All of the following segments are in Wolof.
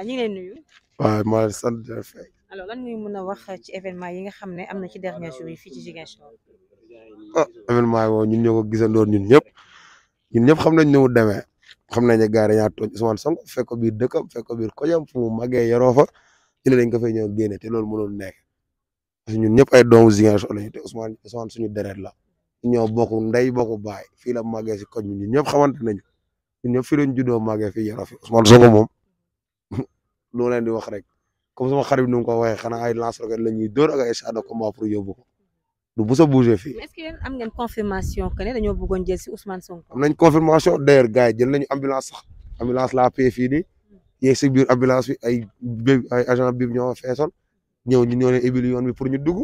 Diarra ñu ngi leen nuyu. waaw maa ngi sant Diarra Faye. alors lan ñuy mën a wax ci événement yi nga xam ne am na ci dernier jour yi fii ci Ziguinchor. ah événement yi moom ñun ñoo ko gisandoo ñun ñëpp ñun ñëpp xam nañ ni mu demee xam nañ ne gars yi dañaa tooñ Ousmane Sonko fekk ko biir dëkkam fekk ko biir kojam fu mu màggee yoroo fa ñu ne dañ ko fay ñëw génne te loolu mënul nekk parce que ñun ñëpp ay doomu Ziguinchor lañu te Ousmane Ousmane suñu deret la ñoo bokk ndey bokk baay fii la màggee si koñ bi ñun ñëpp xamante nañu ñun ñëpp fii lañ juddoo màggee fii yoroo fi Ousmane Sonko moom lu leen di wax rek comme sama xarit nu mu ko waxee xanaa ay lance roquette la ñuy dóor ak ay chars de combat pour yóbbu du bu sa bougé fii. am ngeen confirmation que ne dañoo bëggoon jël si Ousmane Sonko. am nañ confirmation d'ailleurs gars yi jël nañu ambulance sax ambulance la payé fii nii yéeg si biir ambulance bi ay ay agent bi ñoo feesoon ñëw ñu ñoo leen ibili yoon bi pour ñu dugg.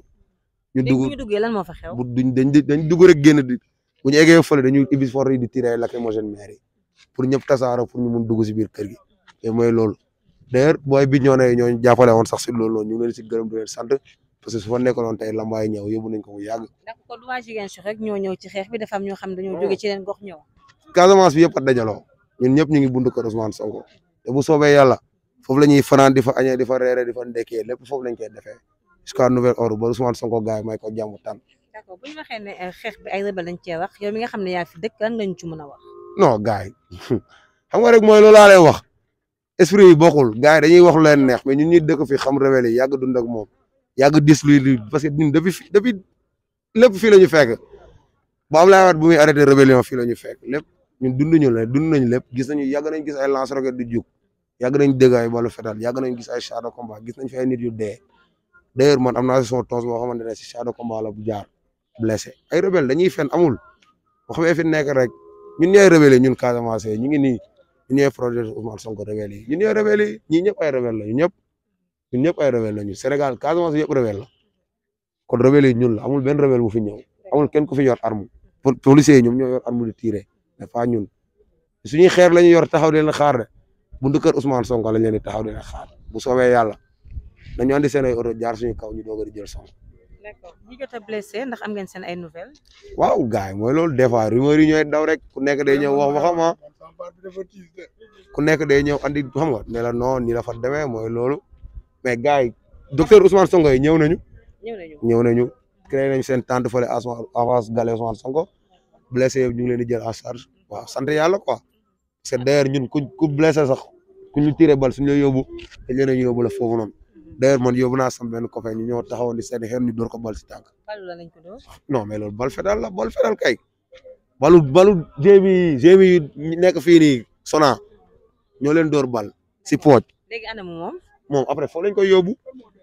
ñu dugg bu ñu duggee lan moo fa xew. duñ dañ dañ dugg rek génn di bu ñu eggee fële dañuy ibbi for yi di tiré lacrymogène maire yi pour ñëpp tasaaroo pour ñu mun dugg si biir kër gi mooy loolu d'ailleurs booy bi ñoo ne ñoo jàppale woon sax si loolu noonu ñu ngi si gërëm di leen sant parce que fa nekkaloon tey lambaay ñëw yóbbu nañ ko mu yàgg. ndax rek ñoo xeex bi dafa am ñoo xam dañoo jóge ci leen gox ñëw. Casamance bi yëpp a dajaloo ñun ñëpp ñu ngi buntu kër Ousmane Sonko di fa añee di fa reere di fa foofu lañ koy defee jusqu'à nouvelle heure ba Ousmane Sonko gars yi may ko jàmm tànn. d'accord bu ñu eh, nga xam ne yaa fi dëkk lan lañ ci mën a wax. non gars wax esprit yi bokkul gars yi dañuy wax lu neex mais ñun ñuy dëkk fi xam révélé yi yàgg dund ak moom yàgg dis lu parce que ñun depuis depuis lépp fii la ñu fekk ba am laa waat bu muy arrêté rébellion fii la ñu fekk lépp ñun dunduñu la dund nañ lépp gis nañu yàgg nañ gis ay lance roquette di jug yàgg nañ dégg ay balu fetal yàgg nañ gis ay char de combat gis nañ fi ay nit yu dee d'ailleurs man am naa si son tonse boo xamante ne si bu jaar blessé ay rebelle dañuy fen amul wax bee rek ñun ñooy rébellé ñun Casamance ñu ngi nii ñun ñooy projet Ousmane Sonko rebelle yi ñun ñooy rebelle yi ñii ay rebelle la ñu ñëpp ñun ñëpp ay rebelle ñu Sénégal Casamance yëpp rebelle la kon rebelle ñun la amul benn rebelle bu fi ñëw amul kenn ku fi yor arme policiers yi ñoom ñoo yor arme di tirer dafa ñun suñuy xeer la ñu yor taxaw di leen xaar de buntu kër Ousmane Sonko lañ leen di taxaw di leen xaar bu soobee yàlla dañu andi seen ay oto jaar suñu kaw ñu doog a di jël Sonko. d'accord ñi jot a blessé ndax am ngeen seen yi daw rek ku nekk day ñëw wax waxama ah. ku nekk day ñëw andi xam nga ne la non nii la fa demee mooy loolu mais gars yi docteur Ousmane Sonko yi ñëw nañu. ñëw nañu ñëw nañu créé nañu seen tente fële avance gale Ousmane Sonko blessé yëpp ñu ngi leen di jël en charge waaw sant yàlla quoi parce que ñun ku ku blessé sax ku ñu tiré bal suñu la yóbbu dañ leen a la foofu noonu. d'ailleurs man yóbbu naa sama benn copain ñu ñëw taxawoon di seen xel ñu door ko bal si tànk. bal la loolu bal fetal la bal fetal kay. balu balu jéemi jéemi yi nekk fii nii sona ñoo leen door bal si pooj léegi ana moom moom après foofu lañ koy yóbbu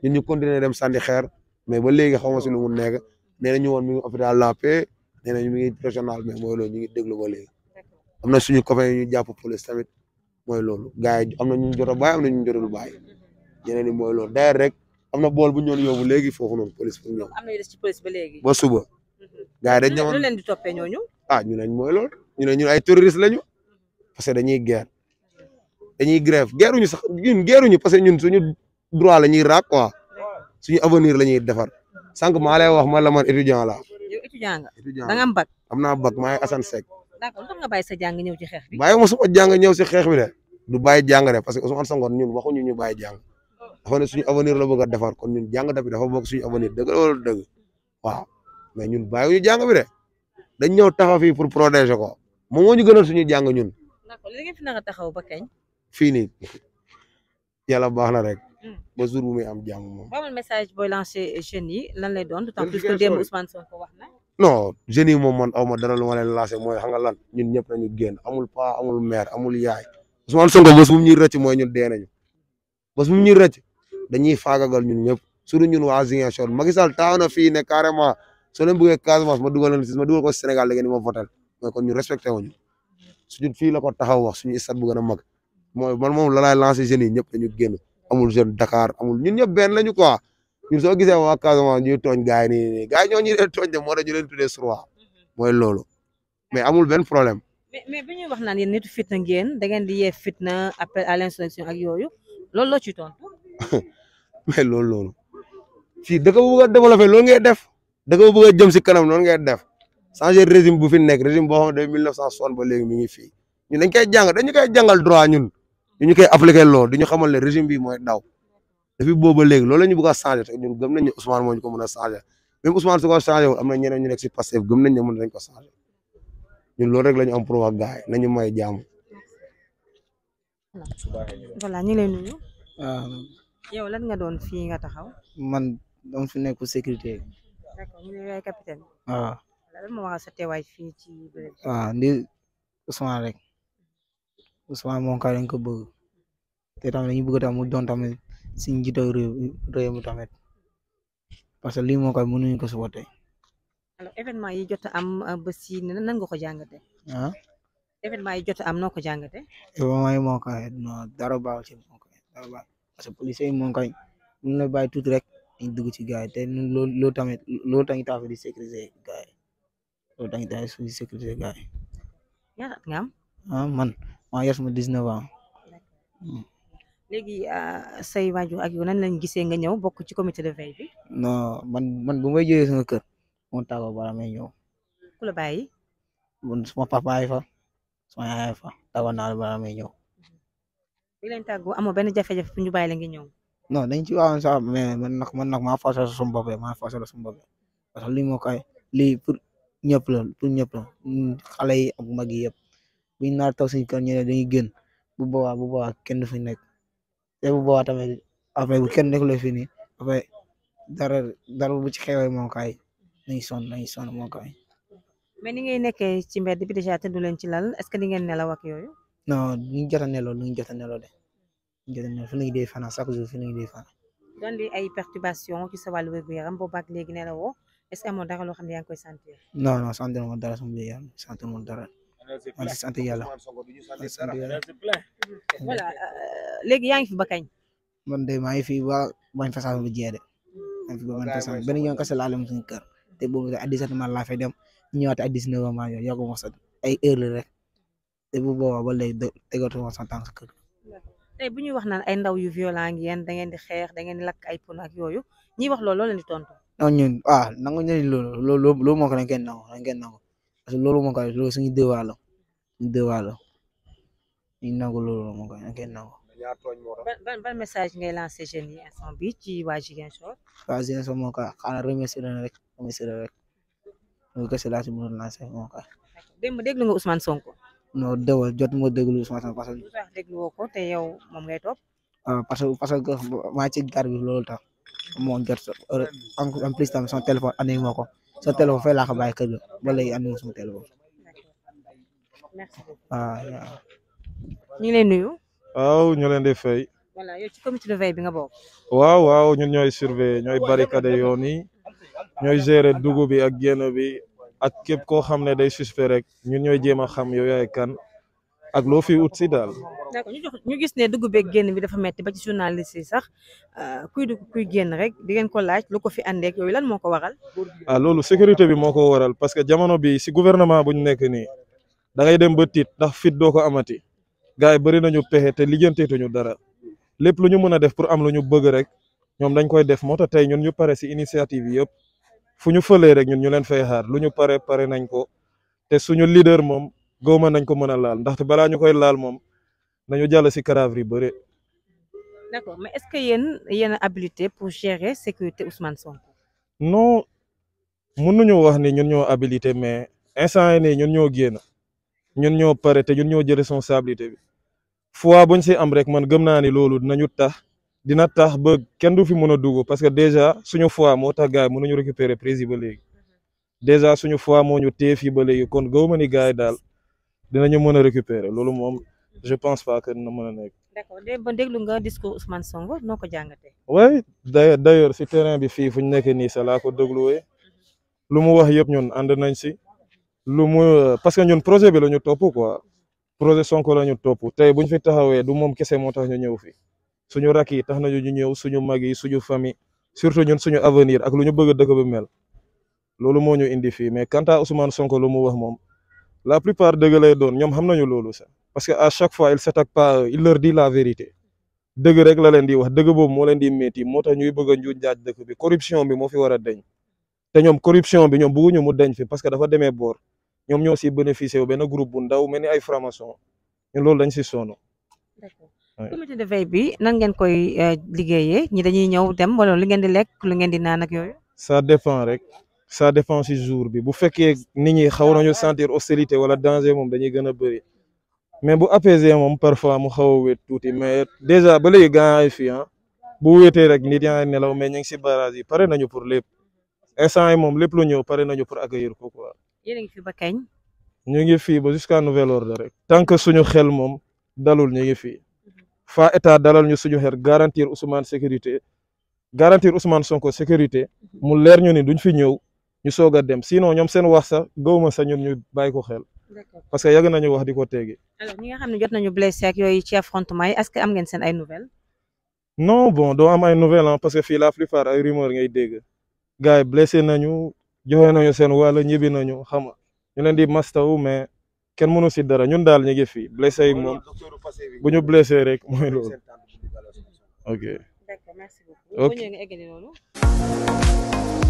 ñun ñu continuer dem sandi xeer mais ba léegi xaw ma si lu nekk nee na ñu woon mi ngi hôpital La Paix nee nañ mi ngi régional mais mooy loolu ñu ngi déglu ba léegi am na suñu copain ñu jàpp police tamit mooy loolu gars yi am na ñu jot a bàyyi am na ñu jotul bàyyi ñeneen ñi mooy loolu d'ailleurs rek am na bool bu ñu yobu yóbbu léegi foofu noonu police pour ñoom. ba suba. Mhm. gars yi dañ ñëwoon lu leen ñooñu. ah ñu neñ mooy loolu ñu ne ñun ay terroriste lañu parce que dañuy guerre dañuy grève guerruñu sax ñun guerruñu parce que ñun suñu droit la ñuy raak quoi suñu avenir la ñuy defar sànq maa lay wax ma la man étudiant la étudiant nga da nga am bac am naa bac maay Assane Seck d'accord tax nga bàyyi sa jàng ñëw ci xeex bi bàyyi ma sama ñëw si xeex bi de du bàyyi jàng de parce que Ousmane Sonko ñun waxuñu ñu bàyyi jàng dafa ne suñu avenir la bëgg a defar kon ñun jàng bi dafa bokk suñu avenir dëgg la wala dëgg waaw mais ñun bàyyiwuñu jàng bi de dañ ñëw taxaw fii pour protéger ko moom moo ñu gënal suñu jàng ñun. d'accord li ngeen fi naka taxaw ba kañ. fii yala yàlla baax na rek. Hmm. ba jour bu muy am jàmm moom. ba message booy lancé jeunes yi lan lay doon d'autant plus que démb Ousmane Sonko wax na. non jeunes yi moom ma dara lu ma leen lancé mooy xam nga lan ñu ñëpp génn amul pa amul mère amul yaay Ousmane Sonko bés bu mu ñuy rëcc mooy ñun dee nañu bés bu mu ñuy rëcc dañuy ñun ñëpp surtout ñun waa Ziguinchor Macky Sall taaw na fii soo leen bëggee Casamance ma dugal leen ma dugal ko Sénégal da ngeen di ma votal mooy kon ñu respecté wuñu suñu la ko taxaw wax suñu stade bu gën mag man moom la lancé jeunes yi ñëpp dañu génn amul jeune Dakar amul ñun ñëpp benn ñu quoi ñu soo gisee waa Casamance ñuy tooñ gars yi nii nii gars ñoo ñuy leen tooñ de moo tax ñu leen tuddee surwa mooy loolu mais amul benn problème. mais mais bi ñuy wax naan yéen nitu fitna ngeen da ngeen di yee fitna appel à l'insurrection ak yooyu loolu loo ci tontu. loolu loolu da nga bëgg si kanam noonu ngay def changer régime bu fi nekk régime boo xam ne de mille neuf cent soixante ba léegi mi ngi fii ñun dañ koy jàng dañu koy jàngal droit ñun ñu ñu koy appliquer loolu di ñu xamal ne régime bi mooy daw depuis booba léegi loolu la ñu bëgg a changer ñun gëm nañ ne Ousmane moo ñu ko mën a changer même Ousmane su ko changé wul am na ñeneen ñu nekk si Pastef gëm nañ ñun loolu rek la ñu am pour wax gaay nañu may jaamu. voilà ñu ngi lay nuyu. Ah, yow lan nga doon fii nga taxaw. man dama fi nekk sécurité. d'accord ñu ne yaay capitaine. waaw ah. lan ah, rek Ousmane moom ka dañ te tamit dañu bëgg tamit mu doon tamit si njiité réew que lii moo koy ko supporté. événement yi jot am euh, ba si nan ah événement yi jot am noo ko jàngate. événement yi moo koy dara baaxul si moo rek. ñu dugg ci gaay te ñun loolu loolu tamit loolu tamit affaire di sécuriser gaay loolu tamit affaire di sécuriser gaay ñaata nga am ah man maa yor sama 19 ans léegi ah, say waajur ak yow nan lañ gisee nga ñëw bokk ci comité de veille bi non man man bu may jógee sama kër moom tàggoo bala may fa sama yaay fa tàggoo naa la bala may ñëw bi leen tàggoo amoo jafe-jafe fu ñu bàyyi non nañ ci waawoon sax mais man nag man nag maa fasal sama bopp maa fasal sama bopp parce que lii moo koy lii pour ñëpp la pour ñëpp la xale yi ak mag yëpp buñ naar taw suñ kër dañuy génn bu boobaa bu boobaa kenn du fi nekk te bu boobaa tamit après bu kenn nekkul fi nii après dara dara bu ci xewee moo koy nañ sonn nañ sonn moo koy mais ni ngay nekkee ci mbedd bi déjà tëddu leen ci lal est-ce que di ngeen nelaw ak yooyu non ñu jot a nelaw ñu jot a nelaw jot na fi lañu dee chaque jour fi lañu dee fanaan doon li ay perturbation ci sa wàllu wér gu yaram boobu ak léegi ne la woo est ce que amoon dara loo xam ne yaa ngi koy sentir non non sant moom dara sama sant moom sant yàlla voilà euh, léegi yaa ngi fi man de maa ngi fi ba bañ façon bu jeex de maa ngi fi ba bañ façon benn yoon kese laa lem suñu kër te boobu à dix-sept mars sa ay heure la te bu boobaa ba léegi tey bu ñuy wax naan ay ndaw yu violent da ngeen di xeex da ngeen di lakk ay pono ak yooyu ñiy wax loolu loo leen di tontu. non ñun ah nangu ñu ne loolu loolu parce que loolu moo ko loolu suñu déwaa la suñu déwaa la ñu nangu loolu moo ko dañ koy nangu. ban ban message ngay lancer jeunes yi instant bi ci waa Ziguinchor. waa Ziguinchor moo rek remercier leen rek loolu kese laa ci Sonko. non dewal jot moo déglu sama sama parce que. Ah, parce que parce que maa ci gar bi loolu tax moo jot en plus tam sama téléphone andi ko sa téléphone fay laa ko bàyyi kër ga ba léegi téléphone. merci beaucoup. Ah, ñu nuyu. waaw ñu leen di fay. voilà de veille bi nga bokk. waaw waaw ñun ñooy surveiller ñooy barricade yoon ñooy gérer dugub bi ak ak képp koo xam ne day suspect rek ñun ñooy jéem a xam yow yaay kan ak loo fi wut si daal. ñu jox ñu gis ne dugg beeg génn bi dafa metti ba ci journaliste sax euh, kuy dugg kuy génn rek di ngeen ko laaj lu ko fi àndeek yooyu lan moo ko waral. a ah, loolu sécurité bi moo ko waral parce que jamono bi si gouvernement bu ñu nekk ni da dem ba tiit ndax fit doo ko amati gars yi bëri nañu pexe te lijjanteetuñu dara lépp lu ñu mën a def pour am lu ñu bëgg rek ñoom dañ koy def moo tax tey ñun ñu pare si initiative yëpp. fu ñu fëlee rek ñun ñu leen fay xaar lu ñu pare pare nañ ko te suñu leader moom góoma nañ ko mën a laal ndaxte balaa ñu koy laal moom nañu jàll si cadavre yi bëre. d'accord mais est-ce que yéen yéen a habilité pour gérer sécurité Ousmane Sonko. non mënuñu wax ni ñun ñoo habilité mais instant yii nii ñun ñoo génn ñun ñoo pare te ñu ñoo jël responsabilité bi fois buñ si am rek man gëm naa ni loolu dinañu tax. dina tax ba kenn du fi mën a dugg parce que déjà suñu foi moo tax gars yi mënuñu récupérer prise yi ba léegi déjà suñu foi moo ñu téye fii ba léegi kon gëw ma ni gars yi daal dinañu mën a récupérer loolu moom je pense pas que dina mën a nekk. d'accord ba déglu nga discours Ousmane Sonko noo ko jàngatee. oui d'ailleurs si terrain bi fii fu ñu nekk nii sax laa ko dégluwee lu mu wax yëpp ñun ànd nañ si lu mu parce que ñun projet bi la ñu topp quoi projet Sonko la ñu topp tey buñ ñu fi taxawee du moom kese moo tax ñu ñëw fii. suñu rak yi tax nañu ñu ñëw suñu mag yi suñu famille surtout ñun suñu avenir ak lu ñu bëgg dëkk bi mel loolu moo ñu indi fii mais quant à Ousmane Sonko lu mu wax moom la plupart dëgg lay doon ñoom xam nañu loolu sa parce que à chaque fois il s'attaque pas il leur dit la vérité dëgg rek la leen di wax dëgg boobu moo leen di métti moo tax ñuy bëgg a njuuj njaaj dëkk bi corruption bi moo fi war a deñ te ñoom corruption bi ñoom bëgguñu mu deñ fi parce que dafa demee bor ñoom ñoo si bénéficié wu benn groupe bu ndaw mel ni ay franc loolu dañ si sonn comité de veille bi nan ngeen koy euh, liggéeyee ñi dañuy ñëw dem wala lu ngeen di lekk lu ngeen di naan ak sa ça dépend rek ça dépend si jour bi bu fekkee nit ñi xaw nañu santir hostilité wala danger moom dañuy gën a bëri mais bu apaiser moom parfois mu xaw a wéet tuuti mais déjà ba léegi gàncax yi fii ah, bu wéetee rek nit yaa ngi nelaw mais ñu ngi si barrage yi pare nañu pour lépp instant yi moom lépp lu ñëw pare nañu pour accueillir ko quoi. yéen a ngi fi ba kañ. ñu ngi fii ba jusqu'à nouvel ordre rek. tant que suñu xel moom dalul ñu ngi fii. faa état dalal ñu suñu xeer garantir Ousmane sécurité garantir Ousmane Sonko sécurité mu leer ñu ni duñ fi ñëw ñu soog a dem sinon ñoom seen wax sax gawma sax ñun ñu bàyyi ko xel. parce que yàgg nañu wax di ko teegi. alors ñi nga xam ne jot nañu blessé ak yooyu ci affrontement yi est-ce que am ngeen seen ay nouvelles. non bon doo am ay nouvelles ah parce que fii la plupart ay rumeur ngay dégg gars yi blessé nañu joxe nañu seen wàll ñibbi nañu xam nga ñu leen masta mastaw mais. kenn mënu si dara ñun daal ñu ngi fi blessé yi moom bu ñu blessé rek mooy loolu ok.